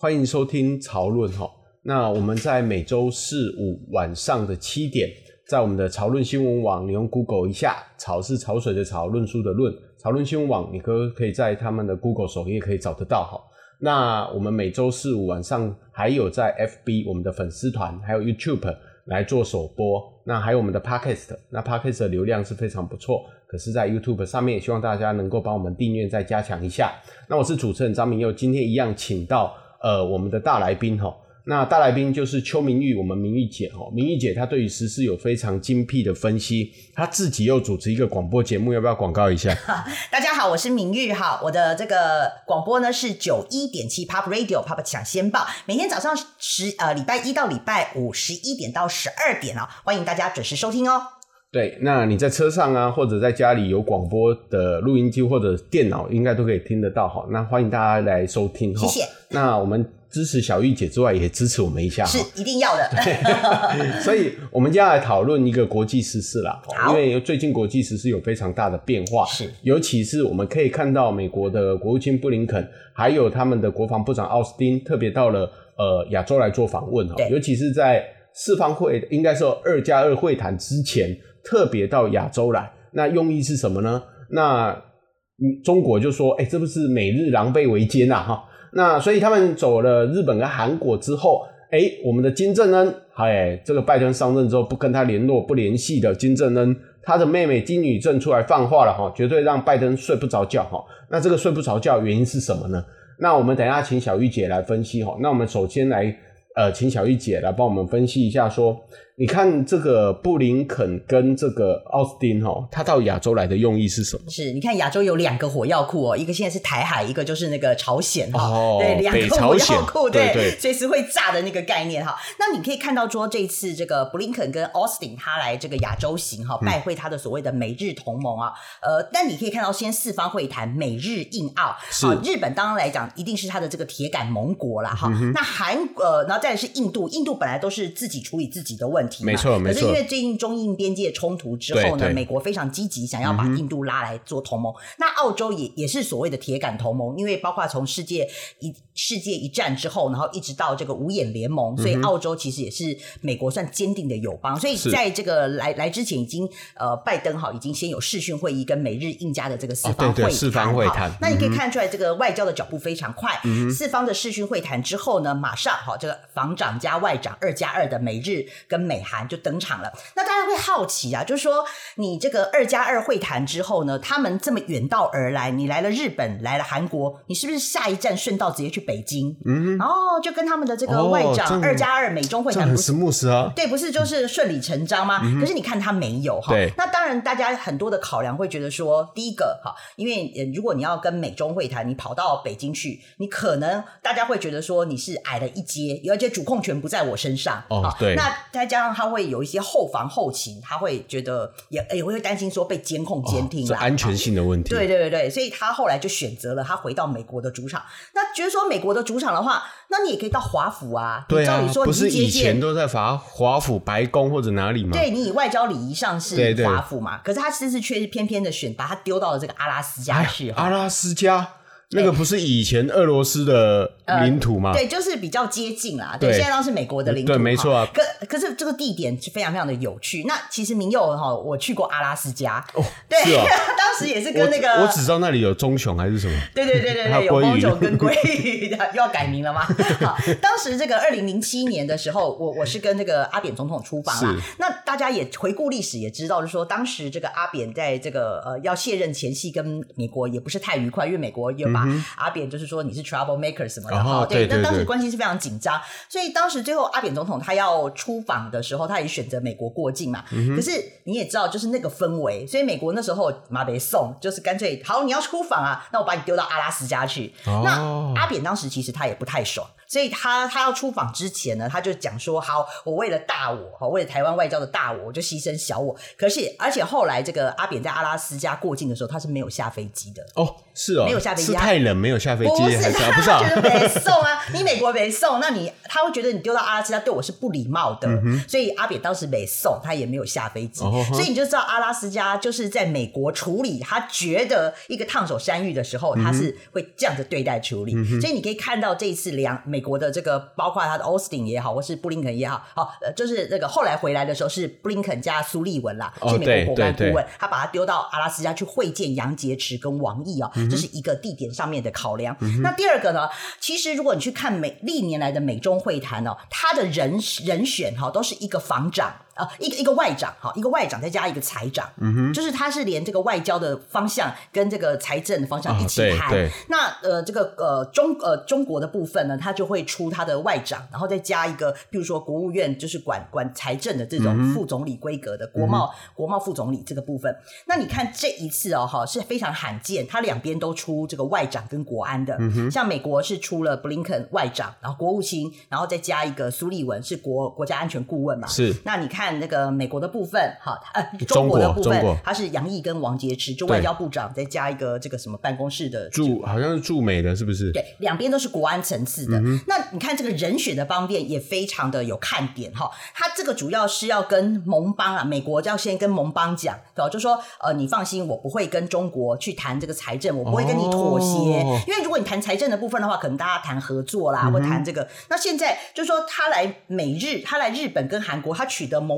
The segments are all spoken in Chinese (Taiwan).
歡迎收聽《潮論》哈，那我們在每周四五晚上的七點，在我們的《潮論新聞網》，你用 Google 一下，“潮”是潮水的“潮”，“論”書的“論”，《潮論新聞網》，你可可以在他們的 Google 首頁可以找得到哈。那我們每周四五晚上還有在 FB 我們的粉絲團，還有 YouTube 來做首播。那還有我們的 Podcast，那 Podcast 的流量是非常不錯，可是，在 YouTube 上面，也希望大家能夠幫我們訂閱，再加強一下。那我是主持人張明佑，今天一樣請到。呃，我們的大來賓哈，那大來賓就是邱明玉，我們明玉姐哈，明玉姐她對於時事有非常精闢的分析，她自己又主持一個廣播節目，要不要廣告一下？大家好，我是明玉哈，我的這個廣播呢是九一點七 Pop Radio Pop 搶先報，每天早上十呃禮拜一到禮拜五十一點到十二點啊、哦，歡迎大家準時收聽哦。對，那你在車上啊，或者在家裡有廣播的錄音機或者電腦，應該都可以聽得到哈。那歡迎大家來收聽哈。謝謝。那我們支持小玉姐之外，也支持我們一下，是一定要的。對。 所以我們接下來討論一個國際時事啦，因為最近國際時事有非常大的變化，是尤其是我們可以看到美國的國務卿布林肯，還有他們的國防部長奧斯汀，特別到了呃亞洲來做訪問啊，尤其是在。四方會應該是二加二會談之前特別到亞洲來，那用意是什麼呢？那中國就說，哎，這不是美日狼狽為奸吶，哈。那所以他們走了日本跟韓國之後，哎，我們的金正恩，哎，這個拜登上任之後不跟他聯絡，不聯，絡不聯繫的金正恩，他的妹妹金與正出來放話了，哈，絕對讓拜登睡不着覺，哈。那這個睡不着覺原因是什麼呢？那我們等一下請小玉姐來分析，哈。那我們首先來。呃，請小玉姐來幫我們分析一下說。你看這個布林肯跟這個奧斯汀哈，他到亞洲來的用意是什麼？是你看亞洲有兩個火藥庫哦，一個現在是台海，一個就是那個朝鮮哈、哦，對，兩個火藥庫對對，對，隨時會炸的那個概念哈。那你可以看到說，這次這個布林肯跟奧斯汀他來這個亞洲行哈，拜會他的所謂的美日同盟啊、嗯，呃，但你可以看到先四方會談，美日印澳，好，日本當然來講一定是他的這個鐵桿盟國啦哈、嗯。那韓呃，然後再是印度，印度本來都是自己處理自己的問題。沒錯，沒錯，可是因為最近中印邊界衝突之後呢，對對，美國非常積極想要把印度拉來做同盟。嗯、那澳洲也也是所謂的鐵桿同盟，因為包括從世界一、世界一戰之後，然後一直到這個五眼聯盟、嗯，所以澳洲其實也是美國算堅定的友邦。所以在這個來來之前，已經呃，拜登哈已經先有視訊會議跟美日印加的這個四方會談、哦。四方會談、嗯，那你可以看出來這個外交的腳步非常快。嗯、四方的視訊會談之後呢，馬上好這個防長加外長二加二的美日跟美。美韓就登場了。那大家會好奇啊，就是說你這個二加二會談之後呢，他們這麼遠道而來，你來了日本，來了韓國，你是不是下一站順道直接去北京？嗯，然、哦、就跟他們的這個外長二加二美中會談，不是。啊。對，不是就是順理成章嗎？嗯、可是你看他沒有哈、哦。那當然，大家很多的考量會覺得說，第一個哈，因為如果你要跟美中會談，你跑到北京去，你可能大家會覺得說你是矮了一階，而且主控權不在我身上哦，對。哦、那再加上。他會有一些後防後勤，他會覺得也也會擔心說被監控監聽啦、哦、安全性的問題、啊。對對對對，所以他後來就選擇了他回到美國的主場。那覺得說，美國的主場的話，那你也可以到華府啊。對啊你照理說街街不是以前都在華華府白宮或者哪裡嗎？對你以外交禮儀上是華府嘛對對，可是他這次卻是偏偏的選，把他丟到了這個阿拉斯加去、哎。阿拉斯加那個不是以前俄羅斯的？領土嘛、呃，對，就是比較接近啦。對，對現在當時是美國的領土對，沒錯、啊啊。可可是這個地點是非常非常的有趣。那其實民友，哈、哦，我去過阿拉斯加。哦，對哦當時也是跟那個我，我只知道那裡有棕熊還是什麼。對對對對，對有棕熊跟鮭魚 又要改名了嗎？啊、當時這個二零零七年的時候，我我是跟這個阿扁總統出發啦是。那大家也回顧歷史也知道就是，就說當時這個阿扁在這個呃要卸任前夕，跟美國也不是太愉快，因為美國也把、嗯、阿扁就是說你是 trouble maker 什麼的。好、哦，對，那當時關係是非常緊張，所以當時最後阿扁總統他要出訪的時候，他也選擇美國過境嘛。嗯、可是你也知道，就是那個氛圍，所以美國那時候馬北送，就是乾脆，好，你要出訪啊，那我把你丟到阿拉斯加去、哦。那阿扁當時其實他也不太爽。所以他他要出訪之前呢，他就講說：“好，我為了大我，哈，為了台灣外交的大我，我就犧牲小我。”可是，而且後來這個阿扁在阿拉斯加過境的時候，他是沒有下飛機的。哦，是哦，沒有下飛機，太冷，沒有下飛機。不是，不是，他覺得沒送啊！ 你美國沒送，那你他會覺得你丟到阿拉斯加對我是不禮貌的。嗯、所以阿扁當時沒送，他也沒有下飛機、哦。所以你就知道阿拉斯加就是在美國處理，他覺得一個燙手山芋的時候，他是會這樣子對待處理。嗯、所以你可以看到這一次兩美。美國的這個包括他的 Austin 也好，或是布林肯也好，好、哦呃，就是那個後來回來的時候是布林肯加蘇利文啦，是、oh, 美國國安顧問，他把他丟到阿拉斯加去會見楊潔篪跟王毅啊、哦嗯，這是一個地點上面的考量，嗯。那第二個呢，其實如果你去看美歷年來的美中會談哦，他的人人選哈、哦、都是一個防長。啊，一個一個外長，好，一個外長再加一個財長，嗯哼，就是他是連這個外交的方向跟這個財政的方向一起拍、哦。那呃，這個呃中呃中國的部分呢，他就會出他的外長，然後再加一個，比如說國務院就是管管財政的這種副總理規格的、嗯、國貿國貿副總理這個部分。嗯、那你看這一次哦，哈是非常罕見，他兩邊都出這個外長跟國安的、嗯哼，像美國是出了布林肯外長，然後國務卿，然後再加一個蘇利文是國國家安全顧問嘛，是。那你看。看那個美國的部分，哈，呃，中國的部分，他是楊毅跟王潔篪，就外交部長，再加一個這個什麼辦公室的駐，好像是駐美的，是不是？對，兩邊都是國安層次的、嗯。那你看這個人選的方面也非常的有看點哈。他這個主要是要跟盟邦啊，美國要先跟盟邦講，對吧？就說呃，你放心，我不會跟中國去談這個財政，我不會跟你妥協、哦，因為如果你談財政的部分的話，可能大家談合作啦，嗯、或談這個。那現在就是說他來美日，他來日本跟韓國，他取得盟。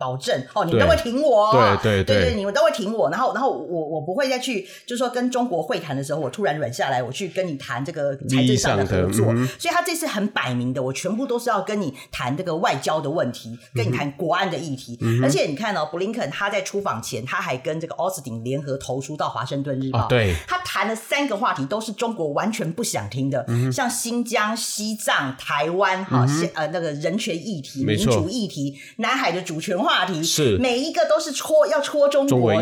保證哦，你們都會挺我，對對對，對，對，你們都會挺我。然後，然後我我不會再去，就是說跟中國會談的時候，我突然軟下來，我去跟你談這個財政上的合作。嗯、所以他這次很擺明的，我全部都是要跟你談這個外交的問題，嗯、跟你談國安的議題、嗯。而且你看哦，布林肯他在出訪前，他還跟這個奧斯汀聯合投書到《華盛頓日報》哦，對，他談了三個話題，都是中國完全不想聽的，嗯、像新疆、西藏、台灣，哈、嗯，呃、嗯啊，那個人權議題、民主議題、南海的主權話。話題是每一個都是戳，要戳中國，中，中國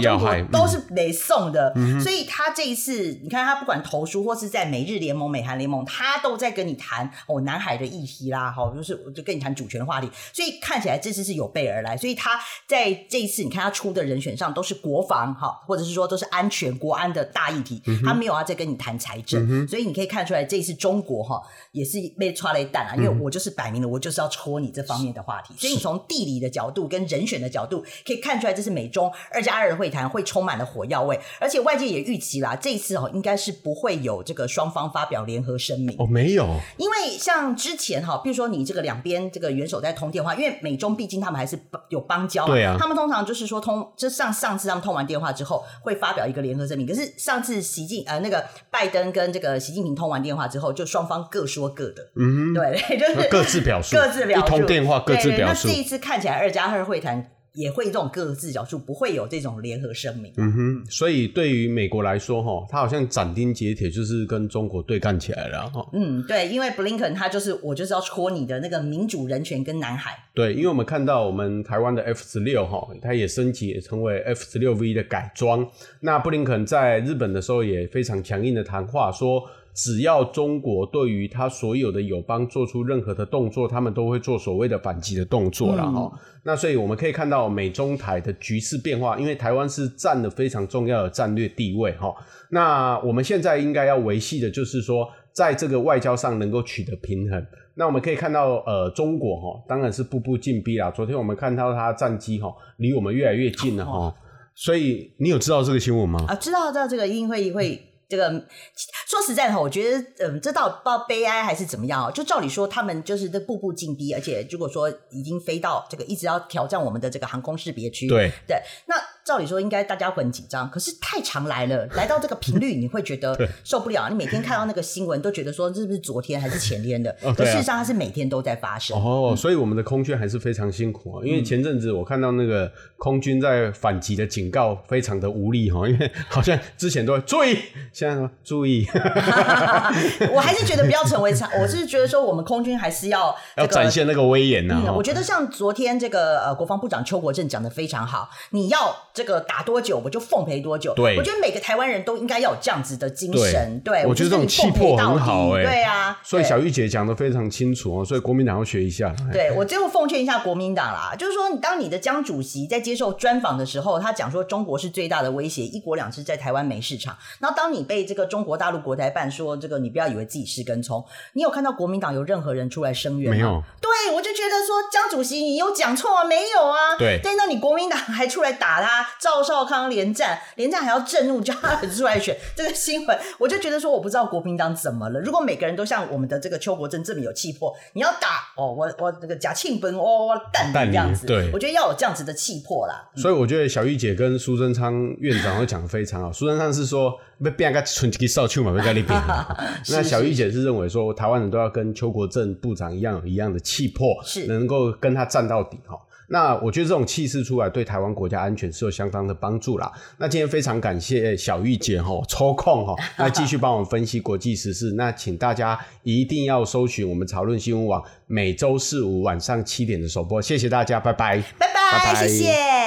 都是得送的，嗯，所以他這一次你看他不管投書或是在美日聯盟、美韓聯盟，他都在跟你談哦南海的議題啦，哈，就是我就跟你談主權的話題，所以看起來這次是有備而來。所以他在這一次，你看他出的人選上都是國防哈，或者是說都是安全、國安的大議題，嗯、他沒有要再跟你談財政，嗯，所以你可以看出來這一次中國哈也是被戳了一蛋啊，嗯，因為我就是擺明了我就是要戳你這方面的話題，所以你從地理的角度跟人。人選的角度可以看出來，這是美中二加二會談會充滿了火藥味，而且外界也預期啦，這一次哦應該是不會有這個雙方發表聯合聲明哦，沒有，因為像之前哈、哦，比如說你這個兩邊這個元首在通電話，因為美中畢竟他們還是有邦交對啊，他們通常就是說通，就像上次他們通完電話之後會發表一個聯合聲明，可是上次習近呃那個拜登跟這個習近平通完電話之後，就雙方各說各的，嗯，對，就是各自表述，各自表述，一通電話各自表述，對對，那這一次看起來二加二會談。也會這種各自角度，不會有這種聯合聲明。嗯哼，所以對於美國來說，哈，他好像斬釘截鐵，就是跟中國對幹起來了。嗯，對，因為布林肯他就是我就是要戳你的那個民主人權跟南海。對，因為我們看到我們台灣的 F 十六哈，它也升級也成為 F 十六 V 的改裝。那布林肯在日本的時候也非常強硬的談話說。只要中國對於他所有的友邦做出任何的動作，他們都會做所謂的反擊的動作了哈、嗯。那所以我們可以看到美中台的局勢變化，因為台灣是占了非常重要的戰略地位哈。那我們現在應該要維繫的就是說，在這個外交上能夠取得平衡。那我們可以看到，呃，中國哈，當然是步步進逼了。昨天我們看到它戰機哈，離我們越來越近了哈。所以你有知道這個新聞嗎？啊，知道，知道這個英會議會這個。 說實在的話，我覺得嗯，這倒不知道悲哀還是怎麼樣啊？就照理說，他們就是步步進逼，而且如果說已經飛到這個一直要挑戰我們的這個航空識別區，對對。那照理說，應該大家會很緊張。可是太常來了，來到這個頻率，你會覺得受不了。 你每天看到那個新聞，都覺得說，這是不是昨天還是前天的？對啊、事實上，它是每天都在發生。哦、啊，嗯 oh, 所以我們的空軍還是非常辛苦啊。因為前陣子我看到那個空軍在反擊的警告非常的無力哈、哦，因為好像之前都會注意，現在說注意。 我還是覺得不要成為，我是覺得說我們空軍還是要、這個、要展現那個威嚴呢、啊嗯。我覺得像昨天這個呃國防部長邱國正講的非常好，你要這個打多久，我就奉陪多久。對，我覺得每個台灣人都應該要有這樣子的精神。對，對我覺得這種氣魄到底奉陪很好、欸。對啊對，所以小玉姐講的非常清楚哦，所以國民黨要學一下。對我最後奉勸一下國民黨啦，就是說你當你的江主席在接受專訪的時候，他講說中國是最大的威脅，一國兩制在台灣沒市場。那當你被這個中國大陸。國台辦說：“這個，你不要以為自己是根蔥，你有看到國民黨有任何人出來聲援沒有？對，我就覺得說，江主席你有講錯、啊、沒有啊？對，對，那你國民黨還出來打他、啊？趙少康連戰連戰還要震怒叫他出來選， 這個新聞我就覺得說，我不知道國民黨怎麼了。如果每個人都像我們的這個邱國正這麼有氣魄，你要打哦，我我那個賈慶、哦、我哦蛋蛋的樣子，對，我覺得要有這樣子的氣魄啦。所以我覺得小玉姐跟蘇貞昌院長都講的非常好。蘇 貞昌是說。”一一 那小玉姐是認為說，台灣人都要跟邱國正部長一樣，有一樣的氣魄，能夠跟他戰到底哈。 喔、那我覺得這種氣勢出來，對台灣國家安全是有相當的幫助啦。那今天非常感謝小玉姐哈，抽空哈來繼續幫我們分析國際時事。 那請大家一定要搜尋我們潮論新聞網每週四五晚上七點的首播。謝謝大家，拜拜，拜拜，拜。